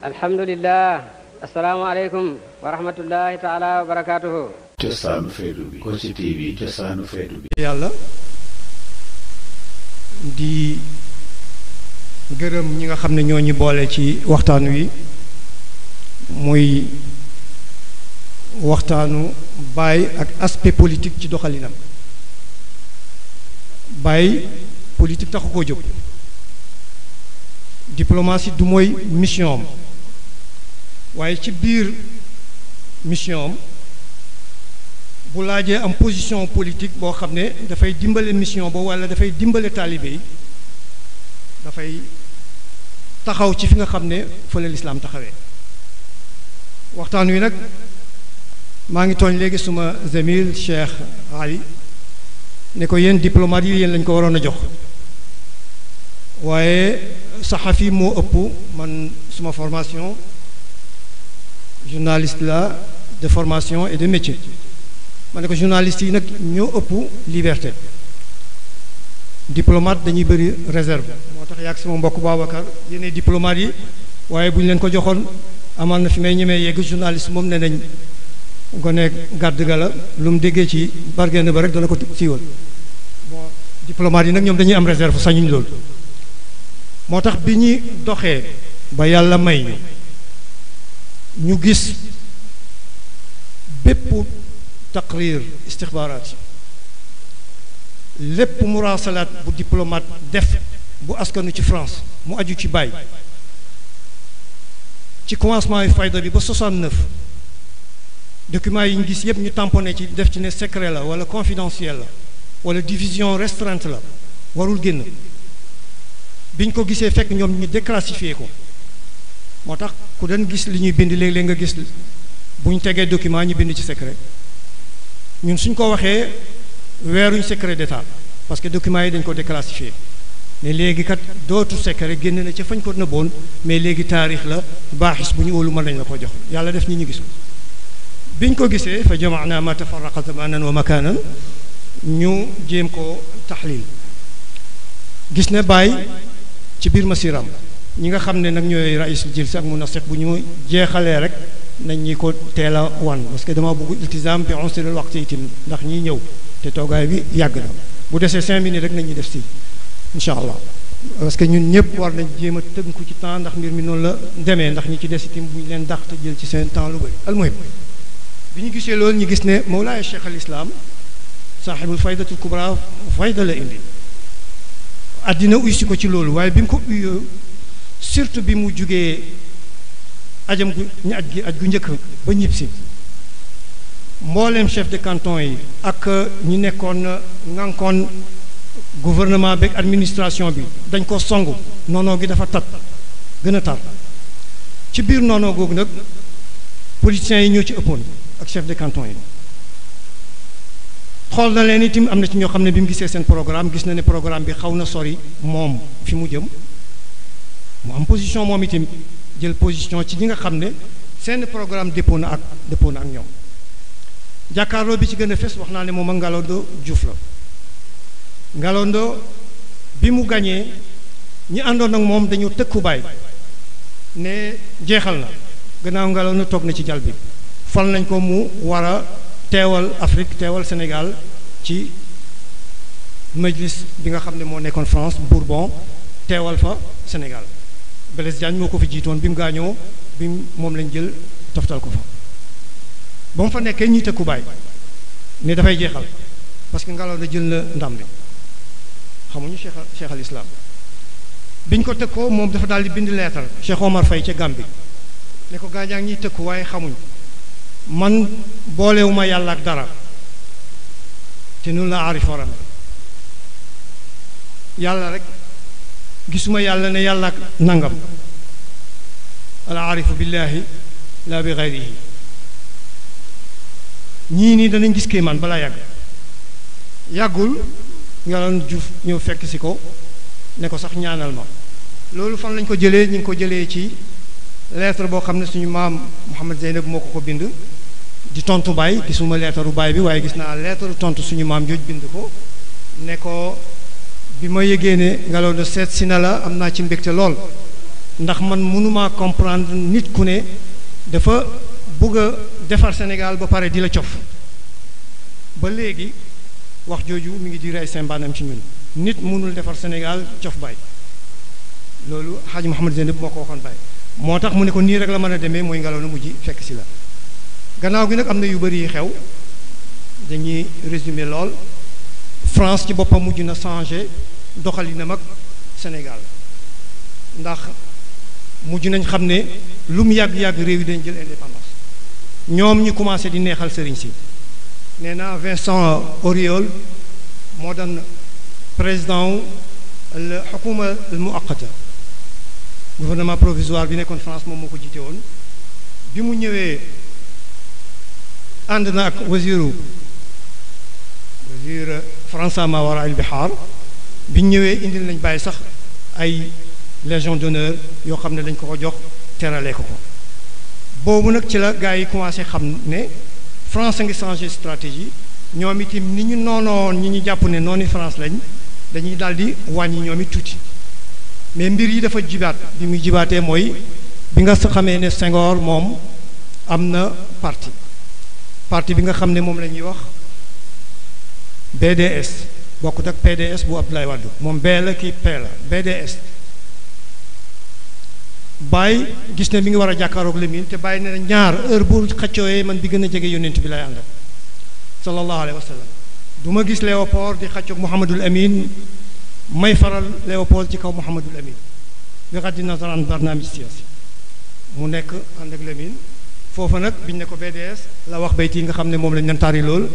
alhamdulilah asalaamaaleykum wa rahmatullahi taala wa yàlla di gërëm ñi nga xam ne ñoo ñu boole ci waxtaan wi muy waxtaanu Baye ak aspect politique ci doxalinam Baye politique taxu koo jóg diplomatie du mooy mission waye ci bir mission am bu laaje am position politique bo xamne da fay dimbale mission bo wala da fay dimbale talibé da fay taxaw ci fi nga xamne ne fële lislaam taxawee waxtaan wi nak ma ngi togn légui suma zemil Cheikh Ali ne ko yéen diplomate yi yéen lañ ko warona jox waye sahafi mo ëpp man suma formation journaliste là de formation et de métier ma ko journaliste yi nak ñoo ëpp liberté diplomate dañuy bëri réserve Motax yak sama mbokk Babacar yene diplomate yi waye buñu leen ko joxoon amal na fi may ñëmé yegg journaliste mom ne nañ gone gàdd ga la lu mu ci bargaine ba rek dana ko wol. bon diplomate yi nak ñom dañuy am réserve sañuñ loolu moo tax bi ñuy ba Yalla may ñu ñu gis bépp taqrir istixbaaraat lépp muraasalaat bu diplomate def bu askanu ci France mu aju ci bay ci commencement yu fayda bi ba 69 Document yi ñu gis yépp ñu tamponné ci def ci ne secret la wala confidentiel la wala division restreinte la warul génn biñ ko gisee fekk ñoom ñu déclassifié ko moo tax ku doon gis li ñuy bind léeg-léeg nga gis bu ñu tegee document ñu bind ci secret ñun suñ ko waxee weeruñ secret d'état parce que document yi dañ ko déclassifié ne léegi kat dootu secret génn na ca fañ ko nëbboon mais léegi taarix la baaxis bu ñu wóolu mën nañ la ko jox yàlla def ñi ñu gisu ko biñ ko gisee fa jamaana ma tafaraqa zamanan wa makanan ñu jéem ko taxlil gis ne bàyyi ci biir masiram ñi nga xamne nak ñoy rais raisul jilsa ak munasiq bu ñu jéxalé rek nañ ñi ko téla wan parce que dama bëgg iltizam bi onsilal waxtu itim ndax ñi ñëw te togaay bi yag na bu déssé 5 minutes rek nañ ñi def ci inshallah parce que ñun ñëpp war nañ jéma a ci temps ndax mbir mi non la démé ndax ñi ci déss tim bu ñu leen dax te jël ci seen temps lu bari al muhim bi ñu gisé lool ñu gis ne Mawlaaya Cheikh al Islam sahibul faydatul kubra faydala indi adina addina ci ko ci loolu waye bi ko uyoo surtout bi mu jógee ajam gu ñu aj gi aj gu njëkk ba ñibbisi si mbooleem chef de canton yi ak ñi nekkoon ngànkoon gouvernement beeg administration bi dañ koo song noonoo gi dafa tat gën a tar ci biir noonoo googu nag politiciens yi ñoo ci ëppoon ak chef de canton yi xool na leen itam am na ci ñoo xam ne bi mu gisee seen programme gis na ne programme bi xaw na sori moom fi mu jëm mu am position moom itam jël position ci ñi nga xam ne seen programme dépôt na ak dépôt na ak ñoom jakarlo bi ci gëna a waxna wax naa ne moom ak Ngalando la ngalondo bi mu gagné ñi andon ak mom dañu tëkku baay ne jeexal na gënaaw ngalondo tok na ci jal bi fal nañ ko mu wara téwal Afrique téwal Sénégal ci majlis bi nga xam mo moo France Bourbon téwal fa Sénégal Blaise Diagne moko fi jiitoon bim mu bim mom moom lañ jël toftal ko fa bam fa nekké ñi tëkku bàyyi ne fay jéxal parce que ngalaw na jël na ndam bi xamuñu cheikh cheikh al islam biñ ko tëkkoo moom dafa daal di bind leetal Cheikh Omar fay ca gambi ne ko gaañaa ñi tëkku waaye xamuñ man boolewuma yàlla ak dara te nu la aarif yàlla rek gisuma yàlla ne yàlla ak nangam al aarifu billaahi laa bi gayrihi ñii nii danañ gis kéemaan balaa yàgg yàggul Ngalandou Diouf ñëw fekk si ko ne ko sax ñaanal ma loolu fan lañ ko jëlee ñu ngi ko jëlee ci lettre boo xam ne suñu maam Mouhamed Zeynab moo ko ko bind di tontu baay gisuma lettre baay bi waaye gis naa lettre tontu suñu maam jooj bind ko ne ko bi ma yëgee ne ngelaw na seet si na la am naa ci mbég mbégte lool ndax man mënumaa comprendre nit ku ne dafa bugg a defar Sénégal ba pare di la cof ba léegi wax jooju mu ngi di rey sembaanam ci ñun nit mënul defar Sénégal cof baay loolu xaaj Mouhamed Zeynab moo ko waxoon bay moo tax mu ne ko nii rek la man a demee mooy ngelaw na mujj fekk si la gannaaw gi nag am na yu bëri yi xew dañuy résumer lool France ci boppam mujj na changé doxalinam ak Sénégal ndax mujj nañ xam ne lu mu yàgg-yàgg réew yi dañ jël indépendance ñoom ñi commencé di neexal sëriñ si nee naa Vincent Auriol moo doon président wu al xukuma al muaqata gouvernement provisoire bi nekkoon France moom moo ko jiite woon bi mu ñëwee ànd na ak wasiru wasir François Mawar al Bihar biñ ñëwee indil nañ bàyyi sax ay légion d'honneur yoo xam ne dañ ko ko jox teralee ko ko boobu nag ci la gars yi commencé xam ne France a ngi changé stratégie ñoom itam ni ñu noonoon ñi ñu jàpp ne noonu France lañ dañuy daal di wàññi ñoom it tuuti mais mbir yi dafa jibaat bi muy jibaatee mooy bi nga xamee ne Senghor moom am na parti partie bi nga xam ne moom la ñuy wax BDS bokkut ak PDS bu Abdoulaye Wade moom bee la kii P la BDS Baye gis ne mi ngi war a jàkkaaroog Lamine te Baye nee na ñaar heure bu xaccooyee man bi gën a jege yonent bi lay ànd ak sallallahu alayhi wa sallam du ma gis Léopold di xaccoog Mouhamadul Amin may faral Léopold ci kaw Mouhamadul Amin bi xaddi nasaran barnaamij siyaasi mu nekk ànd ak Lamine foofa nag biñ ne ko BDS la wax bayt yi nga xam ne moom lañ nantaari lool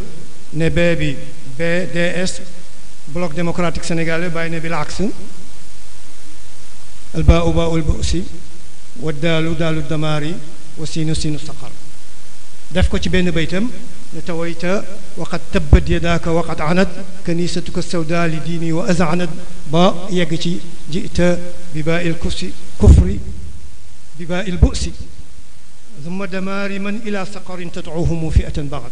ne bee bi BDS bloc démocratique sénégalais bàyyi ne bi la aks albaa ubaa ul busi wa daalu daalu damaari wa siinu siinu saqar def ko ci benn baytam ne tawayta waqad tabbat yadaaka waqad anat kanisatuka sawdaa li diini wa azanat ba yegg ci jita bi baa il kufsi kufri bi baa il busi ثم دمار من إلى سقر تدعوهم فئة بغض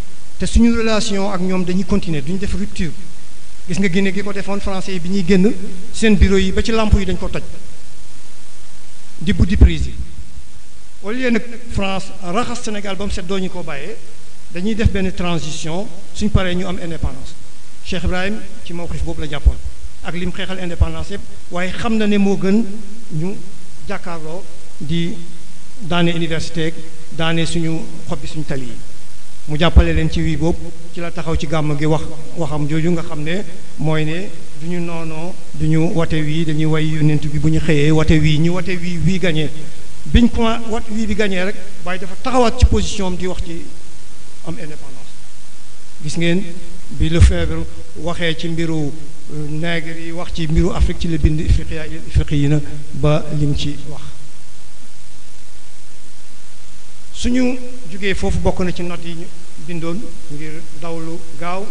té suñu relation ak ñom dañuy continuer duñ def rupture gis nga Guinée gi ko defoon français bi ñuy génn seen bureau yi ba ci lamp yi dañ ko toj di buddi prise au lieu nag France raxas Sénégal bam sét doñ ko bayé dañuy def benn transition suñ paré ñu am indépendance Cheikh Ibrahim ci mawqif boobu la Japon. ak lim xéxal indépendance yëpp waaye xam na né mo gën ñu jàkkaarloo di daane université daane suñu xobbi bi suñu tali mu jàppale len ci wi bop ci la taxaw ci nga ne ne nono, dañuy way yonent bi buñu wate ñu wate wi wi gagné biñ bi rek dafa ci position am di wax ci am indépendance gis ngeen bi le feebar waxé ci mbiru euh, nègre wax ci mbiru Afrique ci la bind ba lim suñu jógee foofu bokk na ci note yi bindoon ngir dawlu gaaw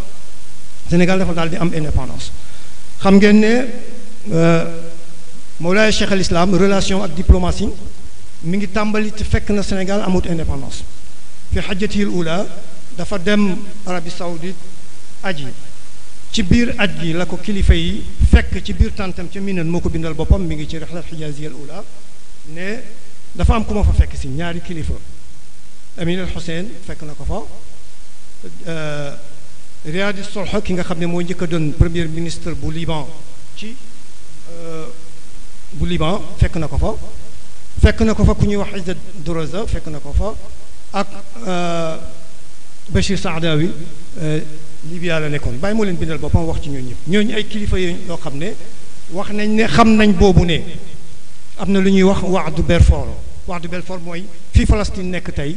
Sénégal dafa daal di am indépendance xam ngeen ne euh, Mawlaay Cheikh al Islam relation ak diplomatie mu ngi tàmbali ci fekk na Sénégal amut indépendance fi xajjati ula dafa dem Arabie Saoudite aji ci biir aj gi la ko kilifa yi fekk ci biir tàntam ca Minan moo ko bindal boppam mi ngi ci rihlat xijaziya al ula ne dafa am ku ma fa fekk si ñaari kilifa Aminul Hussein fekk na ko fa Riadi Solha ki nga xam ne moo njëkk a doon premier ministre bu Liban ci bu Liban fekk na ko fa fekk na ko fa ku ñuy wax Izzat Doroza fekk na ko fa ak Bachir Saadawi Libya la nekkoon bàyyi moo leen bindal boppam wax ci ñooñu ñëpp ñooñu ay kilifa yoo xam ne wax nañ ne xam nañ boobu ne am na lu ñuy wax waadu Belfort waadu Belfort mooy fi Palestine nekk tey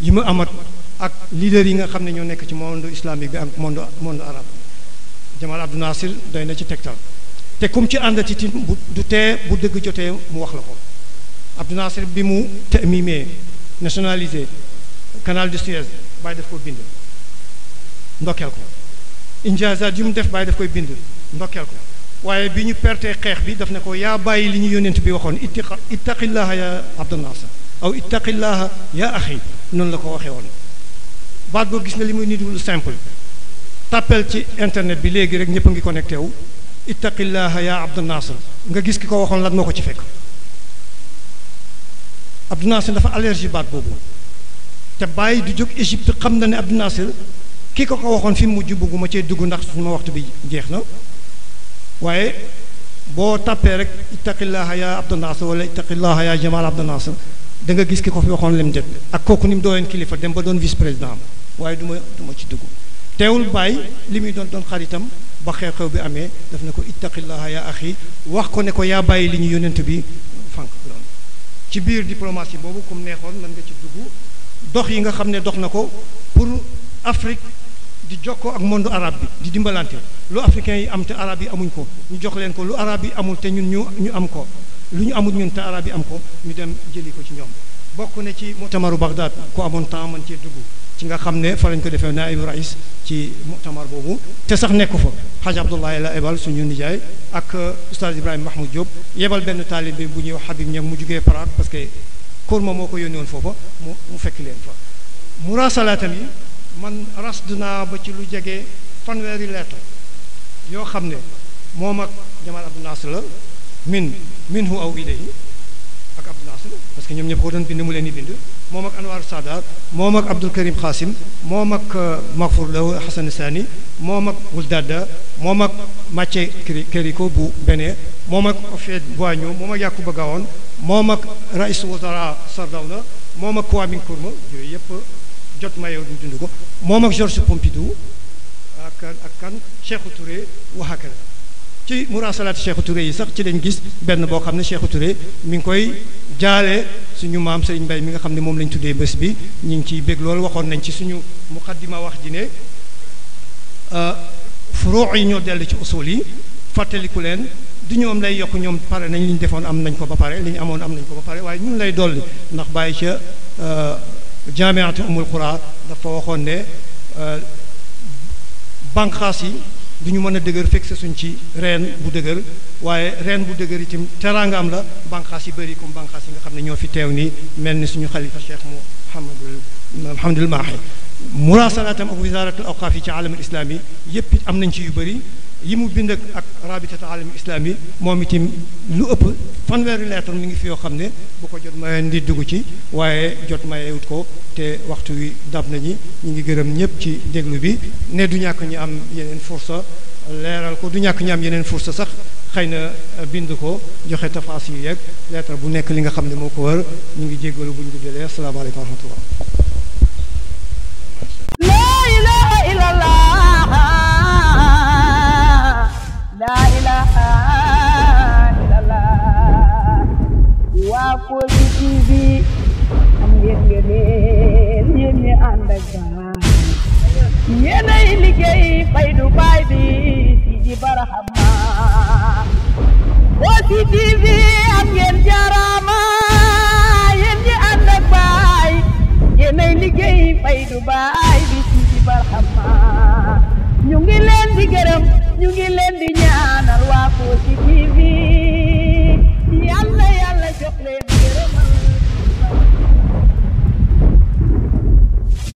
yi mu amat ak leader yi nga xam ne ñoo nekk ci monde islamique bi ak monde monde arabe Jamal Abdou Nasir doy na ci tegtal te kum ci àndati ci bu du tee bu dëgg jotee mu wax la ko Abdou Nasir bi mu tamimee nationalisé canal de Suez bàyyi daf ko bind ndokkeel ko injaazaat yu mu def bàyyi daf koy bind ndokkeel ko waaye bi ñu pertee xeex bi daf ne ko yaa bàyyi li ñu yónent bi waxoon ittaqi ittaqillaha ya Abdou Nasir aw ittaqillaha yaa axi noonu la ko waxee woon baat boo gis na li muy nit lu simple tàppel ci internet bi léegi rek ñëpp a ngi connecté wu ittaqillaha yaa Abdou Nasr nga gis ki ko waxoon lan moo ko ci fekk Abdou Nasr dafa allergie baat boobu te bàyyi du jóg Égypte xam na ne Abdou Nasr ki ko ko waxoon fi mujj bugguma cee dugg ndax suñu ma waxtu bi jeex na waaye boo tàppee rek ittaqillaha yaa Abdou Nasr wala ittaqillaha yaa Jamal Abdou Nasr da nga gis ki ko fi waxoon lem dem ak kooku ni mu doon kilifa dem ba doon vice président am waaye du ma ma ci dugg teewul bàyyi li muy doon doon xaritam ba xew-xew bi amee def na ko ittaqillaha ya axi wax ko ne ko yaa bàyyi li ñu yonent bi fànk doon ci biir diplomatie boobu comme neexoon mën nga ci dugg dox yi nga xam ne dox na ko pour Afrique di ko ak monde arabe bi di dimbalante lu africain yi am te arabe yi amuñ ko ñu jox leen ko lu arabe yi amul te ñun ñu ñu am ko lu ñu amul ñun te yi am ko ñu dem jëli ko ci ñoom bokk na ci mutamaru Bagdad ku amoon temps mën cee dugg ci nga xam ne fa lañ ko defee naa naibu rais ci mutamar boobu te sax nekk fa xaj Abdoulaye la ebal suñu nijaay ak euh, oustaz Ibrahima Mahmoud jóob yebal benn taalib bi bu ñuy wax Habib ñam mu jugee Prague parce que kurma moo ko yónni woon foofa mu mu fekk leen fa muraasalaatam yi man rasd naa ba ci lu jege fanweeri lettre yoo xam ne moom ak Jamal Abdou la min minhu aw ilayhi ak Abdul Asim parce que ñoom ñëpp ko doon bind mu leen di bind moom ak Anwar Sadat moom ak Abdul Karim Xaasim moom ak euh, Maghfour Lahu Hasan Sani moom ak Wuldada moom ak Mathieu Kériko bu Bénin moom ak Houphouët Boigny moom ak Yakuba Gawon moom ak Raïs Wazara Sardawna moom ak Kwame Nkrumah yooyu yëpp jot ma yow dund ko moom ak Georges Pompidou ak ak kan Sékou Touré wa ci muraasalaati Cheikh Touré yi sax ci lañ gis benn boo xam ne Cheikh Touré mi ngi koy jaale suñu maam Serigne mbay mi nga xam ne moom lañu tuddee bés bi ñu ngi ciy bég loolu waxoon nañ ci suñu muqaddima wax ji ne euh, furuu yi ñoo dellu ci usul yi fàttaliku leen du ñoom lay yokk ñoom pare nañ li defoon am nañ ko ba pare li amoon am nañ ko ba pare waaye ñun lay dolli ndax bàyyi ca euh, jaamiatu umul qura dafa waxoon ne euh, banqaas yi du ñu mën a dëgër fekk suñ ci reen bu dëgër waaye reen bu dëgër itam teraangaam la banqaas yi bëri comme banqaas yi nga xam ne ñoo fi teew nii mel ni suñu xalifa cheikh Mouhamadul Alhamdul Maahi muraasalatam ak wisaaratul awqaaf yi ci alamul islaam yi yépp am nañ ci yu bëri yimu bind ak rabitatu alam islami moom itam lu upp fanweeri lettre mi ngi fi yo xamne bu ko jot maye ndi dugg ci waye jot maye wut ko te waxtu wi dab nañi ñi ngi gëreem ñëpp ci déglu bi ne du ñak ñi am yeneen force leral ko du ñak ñi am yeneen force sax xeyna bind ko joxe tafaas yu lettre bu nekk li nga xamne moko wër ñi ngi jéggalu buñu dëlé assalamu alaykum wa rahmatullah लिए ये नहीं लिखे